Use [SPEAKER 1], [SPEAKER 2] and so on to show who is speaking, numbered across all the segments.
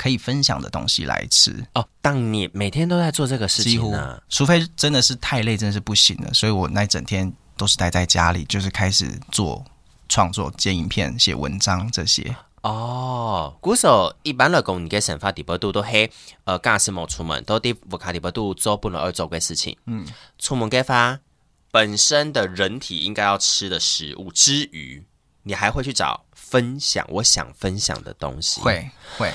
[SPEAKER 1] 可以分享的東西來吃哦。當你每天都在做這個事情呢、啊，除非真的是太累，真的是不行了。所以我那整天都是待在家裏，就是開始做創作、剪影片、寫文章這些。哦，古時一般來講，你嘅生活低波度都係，呃，假使冇出門，都不開做不能做嘅事情。嗯，出門嘅話，本身的人體應該要吃的食物之餘，你還會去找分享我想分享的東西，會會。會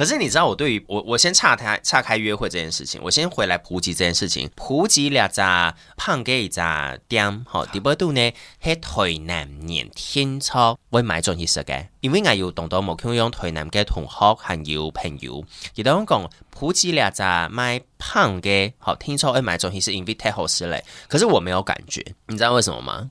[SPEAKER 1] 可是你知道我對於我我先岔開岔開約會這件事情，我先回來普及這件事情。普及兩隻胖哥一隻店，好，第一部呢係台南年天初會買中意食嘅，因為我有同到某區用台南嘅同學、朋友、朋友，亦都講普及兩隻買胖哥，好，天初會買中意食，因為太好食咧。可是我沒有感覺，你知道為什麼嗎？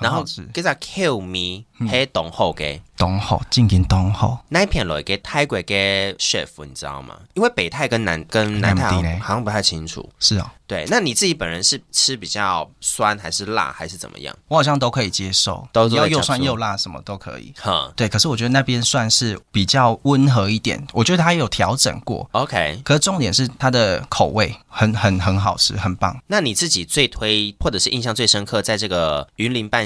[SPEAKER 1] 然後，其他 k i l l m e 是東河嘅，東後進行東後那片來嘅泰國嘅 Chef 你知道嗎？因為北泰跟南跟南泰好像不太清楚。是哦，對。那你自己本人是吃比較酸還是辣還是怎麼樣？哦、麼樣我好像都可以接受，都都又酸又辣，什麼都可以。哼，對。可是我覺得那邊算是比較溫和一點，我覺得它有調整過。OK，可是重點是它的口味很很很，很好吃，很棒。那你自己最推或者是印象最深刻，在這個雲林辦。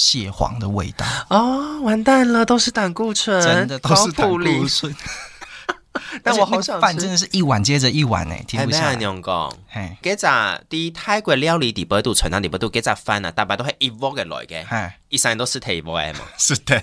[SPEAKER 1] 蟹黃的味道哦，完蛋了，都是膽固醇，真的都是膽固醇。但我好想吃飯，真的是一碗接着一碗呢。聽唔聽？娘講，係幾雜啲泰國料理，啲擺度存，啊，啲擺度幾雜飯啊，大把都係一鍋嘅來嘅，係一生都食甜鍋嘅嘛，食甜。